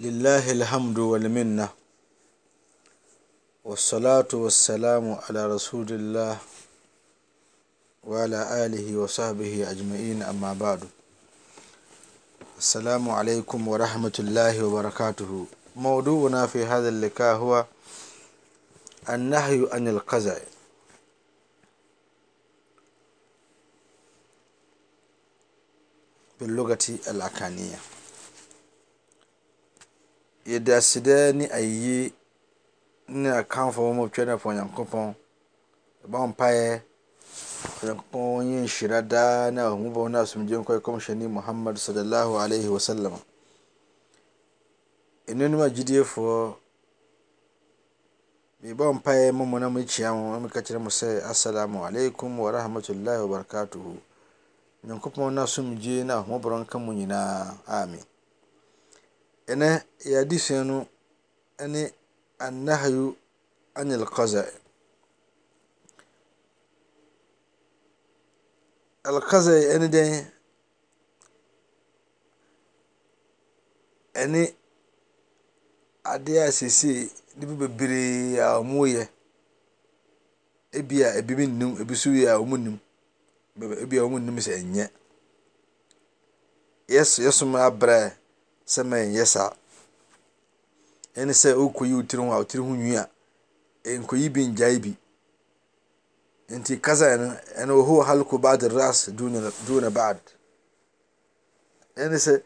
لله الحمد والمنة والصلاة والسلام على رسول الله وعلى آله وصحبه أجمعين أما بعد السلام عليكم ورحمة الله وبركاته موضوعنا في هذا اللقاء هو النهي عن القزع باللغة الأكانية yede asidɛ ne ayi neakafɔɛ nyankopɔnyiadanmuhamad sahlwsalam no numa gidiɛf ibpaɛ mɛ sɛ asalamualkum warahmatulahi wabarakatuh nyankopɔ nasomye nhoɔrɔ ka mu nyinami ɛnɛ yɛ adi suɛ no ɛne anahyu anye lkasee alkasee ɛne dɛn ɛne adeɛ a sesee ne pɛ bɛbree awomuɛyɛ bia mbisyia mn wɔmunmsɛ ɛyɛ yɛsomera abrɛ sɛma ɛyɛ saa ɛne sɛ wokɔ yi wo tir ho a otiriho wii a nkɔyibi ngyae bi nti kase ɛn ɔho halco bad ras duna bad ne sɛ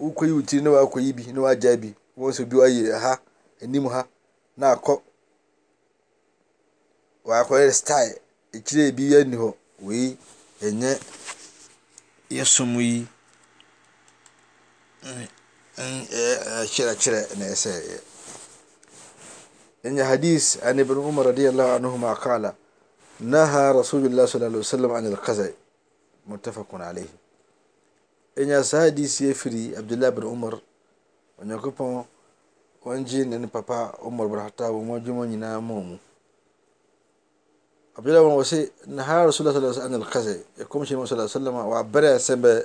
wokɔ yi wo tiri ne wakɔyibi na wagyae bi sobi wayerha nim ha na akɔ wɔakɔyɛrɛ sty kyirɛbi anni hɔ i ɛnyɛ yɛsom yi kyerɛkyerɛ na ɛsɛ ɛyɛ ɛnyɛ hadis an ibn umar radiyallahu anhuma qala naha rasulullah sallallahu alaihi wasallam an al-qaza muttafaqun alayhi ɛnyɛ saa hadis yɛ firi abdullah ibn umar onyankopɔn wɔngye ne ne papa umar bin khattab wɔn adwuma nyinaa ma mu abdullah ibn umar wɔ se naha rasulullah sallallahu alaihi wasallam an al-qaza ɛkɔmhyɛn mu sallallahu alaihi wasallam wa abɛrɛ sɛbɛ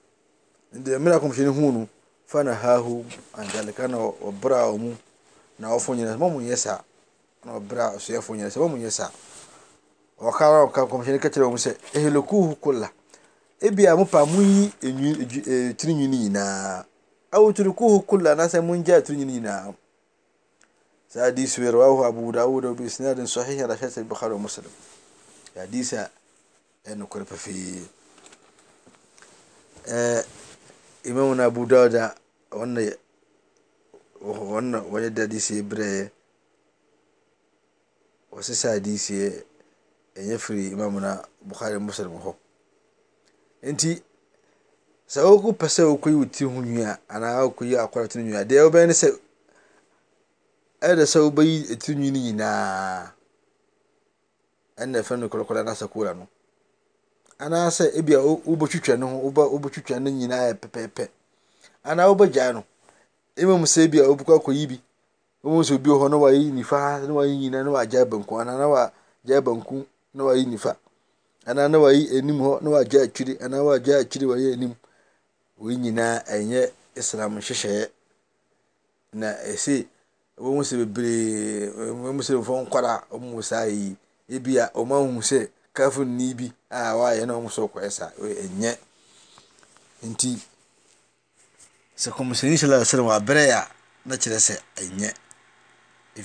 mɛa kosɛn hunu fanahao akaa bram aoɛɛk a ii asɛ nokrɛpa imamu no budada ɛ dadesee berɛɛ wɔ sesɛ deisee ɛyɛ firi imamu na buhari muslm hɔ nti sɛ wokpɛ sɛ wokyi wotiri ho aanawiktdeɛ woɛnsɛ ɛdɛsɛ wobyi tiri wino yinaa ɛnɛ fɛno ka nasakora no anaasɛ ebi a wobɛtwitwa ne ho wobɛtwitwa ne nyinaa yɛ pɛpɛɛpɛ anaa wobɛgyae no mmom sɛ ebi a wobɛkɔ akɔyi bi wɔn nso bi wɔ hɔ na wayi nifa na wayi nyina na wagyae banku anaa na wagyae banku na wayi nifa anaa na wayi anim hɔ na wagyae akyiri anaa wagyae akyiri wayi anim wɔn nyinaa ɛnyɛ islam nhyehyɛeɛ na ɛsi wɔn sɛ bebree wɔn sɛ fɔnkɔra wɔn wɔ saa yi ebi a wɔn ahu sɛ. annbyɛno musɔsa yɛn sɛ comesɛni sa salm ɔberɛ a na kyerɛ sɛ ɛyɛ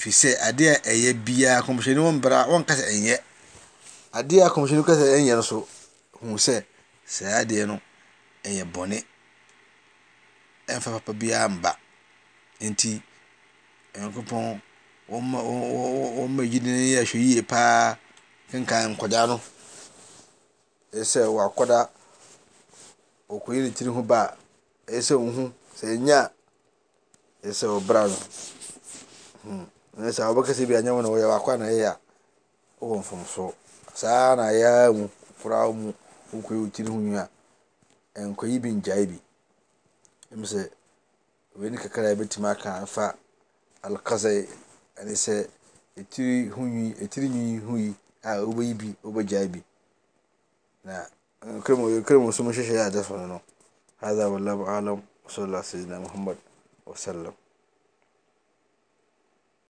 fi sɛ adeɛa ɛyɛ biaa comtyɛni a kasɛ yɛ adeɛa comsani kasɛ ɛyɛ no so hu sɛ saadeɛ no ɛyɛ bɔne mfa papa biaa mba nti yankopɔn wɔma yedinyɛahwɛyie paa eka nka no ɛsɛ wakɔda okyine kyiri ho baa ɛsɛ u sɛya sɛ braswoɛkɛsɛyɛnkɔnaɛ wɔfoso saanayɛawkia kyibiya bi sɛ ni kakraɛtimi ka fa alkse sɛ kiri a wobɛyi bi wobɛgyae bi na kram so mu hyehyɛeɛ a ɛda so no no hadha wallahu alam wa sallallahu sayyidina muhammad wa sallam